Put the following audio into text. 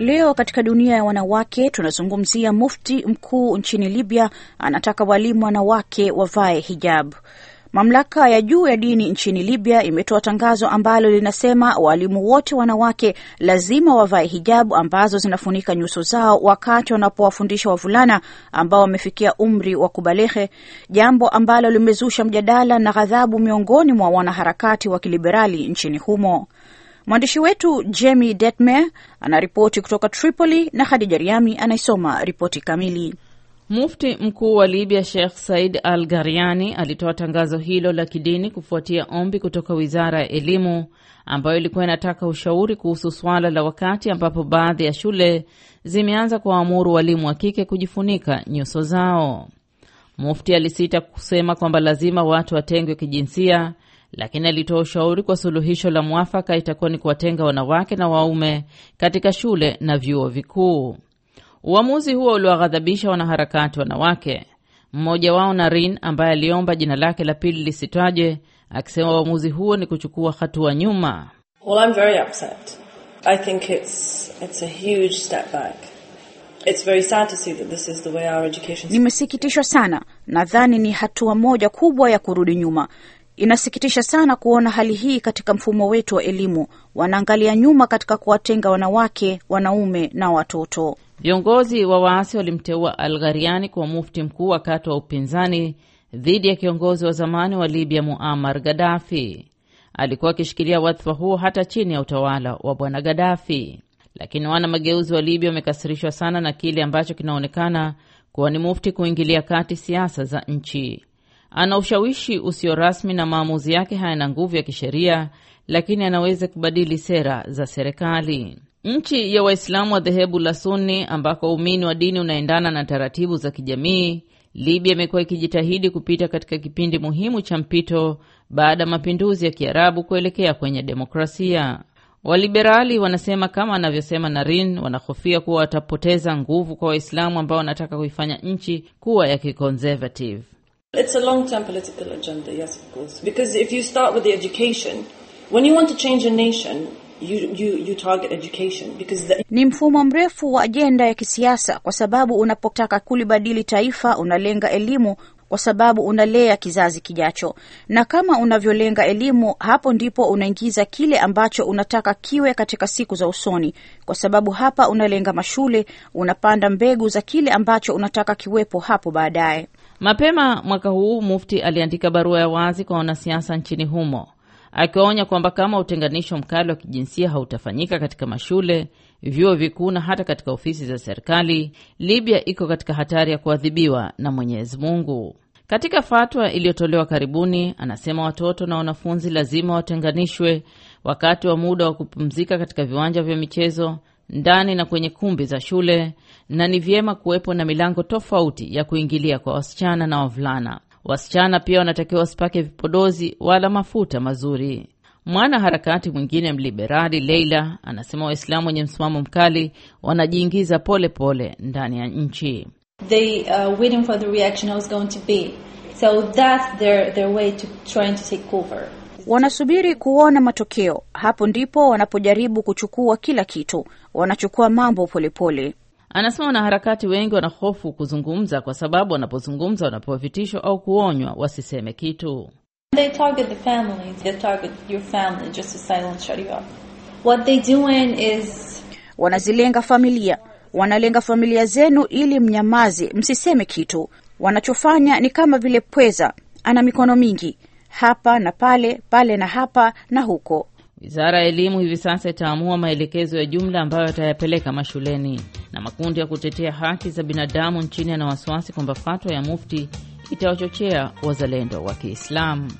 Leo katika dunia ya wanawake tunazungumzia mufti mkuu nchini Libya anataka walimu wanawake wavae hijab Mamlaka ya juu ya dini nchini Libya imetoa tangazo ambalo linasema walimu wote wanawake lazima wavae hijabu ambazo zinafunika nyuso zao wakati wanapowafundisha wavulana ambao wamefikia umri wa kubalehe, jambo ambalo limezusha mjadala na ghadhabu miongoni mwa wanaharakati wa kiliberali nchini humo. Mwandishi wetu Jemi Detmer anaripoti kutoka Tripoli na Khadija Riami anaisoma ripoti kamili. Mufti mkuu wa Libya Sheikh Said Al Gariani alitoa tangazo hilo la kidini kufuatia ombi kutoka wizara ya elimu ambayo ilikuwa inataka ushauri kuhusu suala la wakati ambapo baadhi ya shule zimeanza kuwaamuru walimu wa kike kujifunika nyuso zao. Mufti alisita kusema kwamba lazima watu watengwe kijinsia lakini alitoa ushauri kwa suluhisho la mwafaka itakuwa ni kuwatenga wanawake na waume katika shule na vyuo vikuu. Uamuzi huo uliwaghadhabisha wanaharakati wanawake, mmoja wao narin ambaye aliomba jina lake la pili lisitajwe, akisema uamuzi huo ni kuchukua hatua nyuma. Well, I'm very upset. I think it's, it's a huge step back. Nimesikitishwa sana. Nadhani ni hatua moja kubwa ya kurudi nyuma. Inasikitisha sana kuona hali hii katika mfumo wetu wa elimu. Wanaangalia nyuma katika kuwatenga wanawake, wanaume na watoto. Viongozi wa waasi walimteua Alghariani kuwa mufti mkuu wakati wa upinzani dhidi ya kiongozi wa zamani wa Libya Muammar Gaddafi. Alikuwa akishikilia wadhifa huo hata chini ya utawala wa bwana Gaddafi, lakini wana mageuzi wa Libya wamekasirishwa sana na kile ambacho kinaonekana kuwa ni mufti kuingilia kati siasa za nchi ana ushawishi usio rasmi na maamuzi yake hayana nguvu ya kisheria, lakini anaweza kubadili sera za serikali. Nchi ya Waislamu wa dhehebu la Sunni ambako umini wa dini unaendana na taratibu za kijamii, Libya imekuwa ikijitahidi kupita katika kipindi muhimu cha mpito baada ya mapinduzi ya Kiarabu kuelekea kwenye demokrasia. Waliberali wanasema kama anavyosema Narin, wanahofia kuwa watapoteza nguvu kwa Waislamu ambao wanataka kuifanya nchi kuwa ya kiconservative. It's a long-term political agenda, yes, of course. Because if you start with the education, when you want to change a nation, you, you, you target education because the... Ni mfumo mrefu wa ajenda ya kisiasa, kwa sababu unapotaka kulibadili taifa unalenga elimu, kwa sababu unalea kizazi kijacho, na kama unavyolenga elimu, hapo ndipo unaingiza kile ambacho unataka kiwe katika siku za usoni, kwa sababu hapa unalenga mashule, unapanda mbegu za kile ambacho unataka kiwepo hapo baadaye. Mapema mwaka huu Mufti aliandika barua ya wazi kwa wanasiasa nchini humo akiwaonya kwamba kama utenganisho mkali wa kijinsia hautafanyika katika mashule, vyuo vikuu na hata katika ofisi za serikali, Libya iko katika hatari ya kuadhibiwa na Mwenyezi Mungu. Katika fatwa iliyotolewa karibuni, anasema watoto na wanafunzi lazima watenganishwe wakati wa muda wa kupumzika katika viwanja vya michezo ndani na kwenye kumbi za shule, na ni vyema kuwepo na milango tofauti ya kuingilia kwa wasichana na wavulana. Wasichana pia wanatakiwa wasipake vipodozi wala mafuta mazuri. mwana harakati mwingine mliberali Leila anasema Waislamu wenye msimamo mkali wanajiingiza polepole pole ndani ya nchi. Uh, so that's their, their way to trying to take over wanasubiri kuona matokeo. Hapo ndipo wanapojaribu kuchukua kila kitu, wanachukua mambo polepole pole. Anasema wanaharakati wengi wanahofu kuzungumza kwa sababu wanapozungumza wanapewa vitisho au kuonywa wasiseme kitu. Wanazilenga familia, wanalenga familia zenu ili mnyamaze, msiseme kitu. Wanachofanya ni kama vile pweza ana mikono mingi hapa na pale, pale na hapa na huko. Wizara ya Elimu hivi sasa itaamua maelekezo ya jumla ambayo yatayapeleka mashuleni. Na makundi ya kutetea haki za binadamu nchini yana wasiwasi kwamba fatwa ya Mufti itawachochea wazalendo wa Kiislamu.